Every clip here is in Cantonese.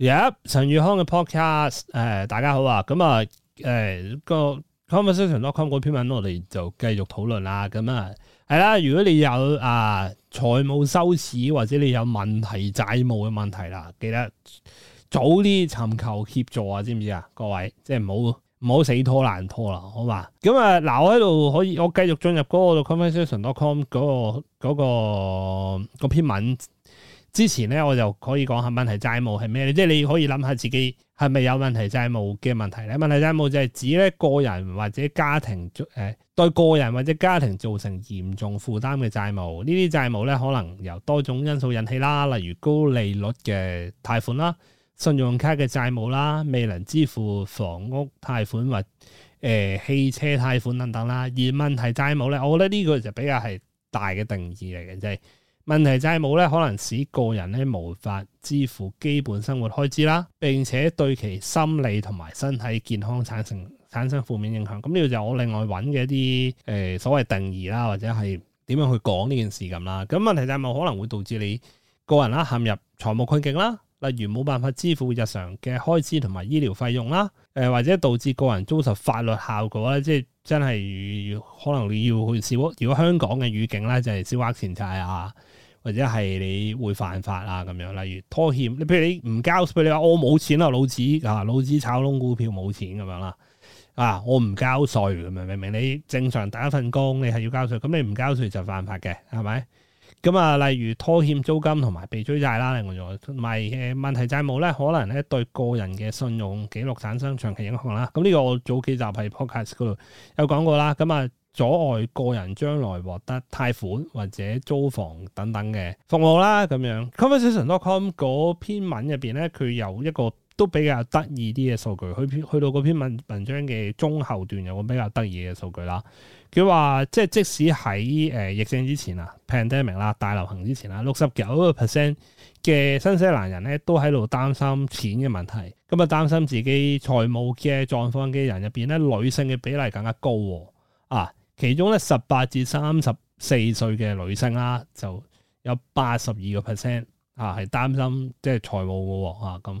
Yep，陳宇康嘅 podcast，誒、呃，大家好啊，咁、呃、啊，誒、那，個 conversation dot com 嗰篇文，我哋就繼續討論啦，咁啊，係啦，如果你有啊財、呃、務羞恥或者你有問題債務嘅問題啦，記得早啲尋求協助啊，知唔知啊？各位，即係唔好唔好死拖爛拖啦，好嘛？咁啊，嗱，我喺度可以，我繼續進入嗰個 conversation dot com 嗰、嗰個、嗰個篇文。之前咧，我就可以講下問題債務係咩咧，即係你可以諗下自己係咪有問題債務嘅問題咧。問題債務就係指咧個人或者家庭做誒、呃、對個人或者家庭造成嚴重負擔嘅債務。呢啲債務咧可能由多種因素引起啦，例如高利率嘅貸款啦、信用卡嘅債務啦、未能支付房屋貸款或誒、呃、汽車貸款等等啦。而問題債務咧，我覺得呢個就比較係大嘅定義嚟嘅，即係。問題債務咧，可能使個人咧無法支付基本生活開支啦，並且對其心理同埋身體健康產生產生負面影響。咁呢個就係我另外揾嘅一啲誒所謂定義啦，或者係點樣去講呢件事咁啦。咁問題債務可能會導致你個人啦陷入財務困境啦。例如冇辦法支付日常嘅開支同埋醫療費用啦，誒、呃、或者導致個人遭受法律效果啦，即係真係可能你要去試，如果香港嘅語境咧就係小額錢債啊，或者係你會犯法啊咁樣。例如拖欠，你譬如你唔交，譬如你話我冇錢啊，老子啊，老子炒窿股票冇錢咁樣啦，啊我唔交稅咁樣，明明你正常打一份工你係要交稅，咁你唔交稅就犯法嘅，係咪？咁啊，例如拖欠租金同埋被追債啦，另外仲埋誒問題債務咧，可能咧對個人嘅信用記錄產生長期影響啦。咁、這、呢個我早幾集喺 podcast 嗰度有講過啦。咁啊，阻礙個人將來獲得貸款或者租房等等嘅服務啦。咁樣 Conversation.com 嗰篇文入邊咧，佢有一個。都比較得意啲嘅數據，去篇去到嗰篇文文章嘅中後段有個比較得意嘅數據啦。佢話即係即使喺誒疫症之前啊，pandemic 啦大流行之前啊，六十九個 percent 嘅新西蘭人咧都喺度擔心錢嘅問題。咁啊擔心自己財務嘅狀況嘅人入邊咧，女性嘅比例更加高啊。其中咧十八至三十四歲嘅女性啦，就有八十二個 percent 啊係擔心即係財務嘅喎咁。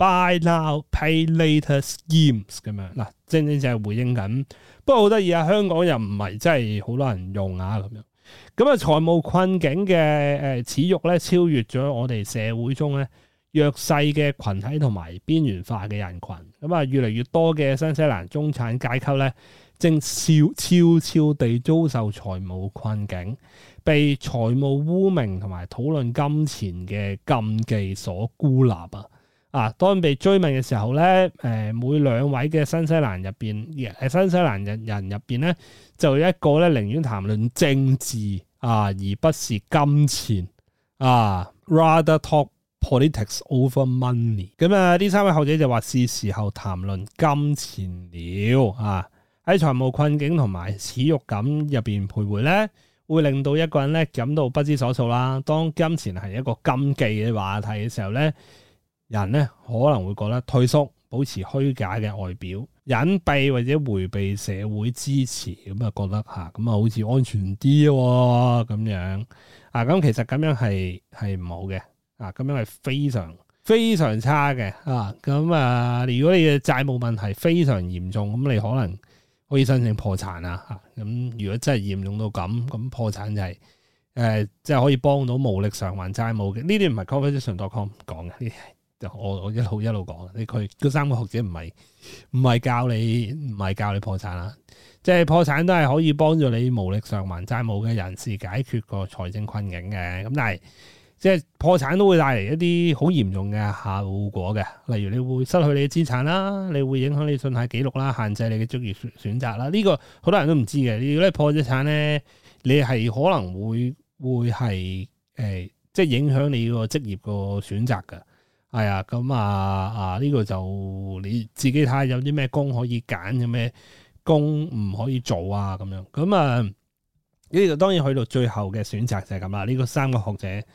Buy now, pay later schemes 咁樣，嗱，正正就係回應緊。不過好得意啊，香港又唔係真係好多人用啊咁樣。咁啊，財務困境嘅誒恥辱咧，超越咗我哋社會中咧弱勢嘅群體同埋邊緣化嘅人群。咁啊，越嚟越多嘅新西蘭中產階級咧，正悄悄悄地遭受財務困境，被財務污名同埋討論金錢嘅禁忌所孤立啊！啊！當被追問嘅時候咧，誒、呃、每兩位嘅新西蘭入邊，誒新西蘭人人入邊咧，就有一個咧寧願談論政治啊，而不是金錢啊。Rather talk politics over money。咁啊，呢三位學者就話是時候談論金錢了啊。喺財務困境同埋恥辱感入邊徘徊咧，會令到一個人咧感到不知所措啦。當金錢係一個禁忌嘅話題嘅時候咧。人咧可能會覺得退縮，保持虛假嘅外表，隱蔽或者迴避社會支持，咁啊覺得嚇，咁啊好似安全啲喎咁樣啊，咁其實咁樣係係唔好嘅啊，咁樣係非常非常差嘅啊，咁啊如果你嘅債務問題非常嚴重，咁你可能可以申請破產啊嚇，咁、啊、如果真係嚴重到咁，咁破產就係、是、誒，即、呃、係、就是、可以幫到無力償還債務嘅，呢啲唔係 Confusion.com 講嘅。我我一路一路講，你佢嗰三個學者唔係唔係教你唔係教你破產啦，即係破產都係可以幫助你無力償還債務嘅人士解決個財政困境嘅。咁但係即係破產都會帶嚟一啲好嚴重嘅效果嘅，例如你會失去你嘅資產啦，你會影響你信貸記錄啦，限制你嘅職業選選擇啦。呢個好多人都唔知嘅。如果你破咗產咧，你係可能會會係誒、呃，即係影響你個職業個選擇嘅。係、哎嗯、啊，咁啊啊呢個就你自己睇下有啲咩工可以揀，有咩工唔可以做啊咁樣。咁啊呢個當然去到最後嘅選擇就係咁啦。呢、呢個三個學者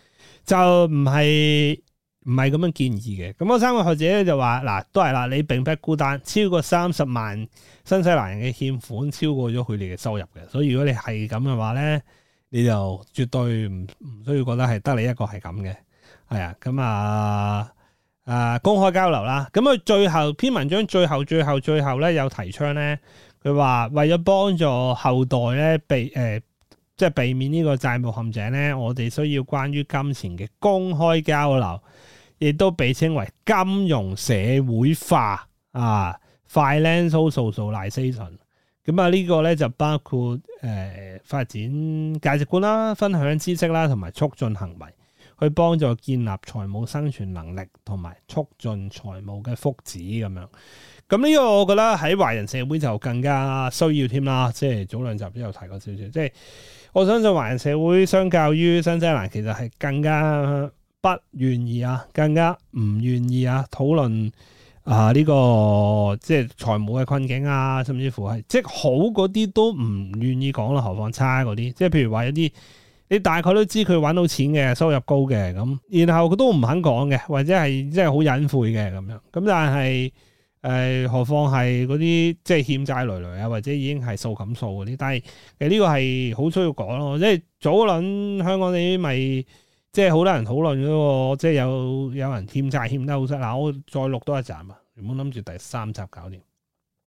就唔係唔係咁樣建議嘅。咁嗰三個學者咧就話嗱、啊，都係啦，你並不孤單。超過三十萬新西蘭人嘅欠款超過咗佢哋嘅收入嘅，所以如果你係咁嘅話咧，你就絕對唔唔需要覺得係得你一個係咁嘅。係、哎嗯、啊，咁啊。啊、呃！公開交流啦，咁佢最後篇文章最後最後最後咧，有提倡咧，佢話為咗幫助後代咧，避、呃、誒即係避免呢個債務陷阱咧，我哋需要關於金錢嘅公開交流，亦都被稱為金融社會化啊，finance socialisation，咁啊，呢個咧就包括誒、呃、發展價值觀啦、分享知識啦，同埋促進行為。去幫助建立財務生存能力，同埋促進財務嘅福祉咁樣。咁呢個我覺得喺華人社會就更加需要添啦。即係早兩集都有提過少少。即係我相信華人社會相較於新西蘭，其實係更加不願意啊，更加唔願意啊討論啊呢、呃呢個即係財務嘅困境啊，甚至乎係即係好嗰啲都唔願意講啦，何況差嗰啲。即係譬如話一啲。你大概都知佢揾到錢嘅，收入高嘅咁，然後佢都唔肯講嘅，或者係真係好隱晦嘅咁樣。咁但係誒、呃，何況係嗰啲即係欠債累累啊，或者已經係數咁數嗰啲。但係誒呢個係好需要講咯，即係早輪香港你咪即係好多人討論嗰個，即係有有人欠債欠得好失，嗱，我再錄多一集啊，唔好諗住第三集搞掂。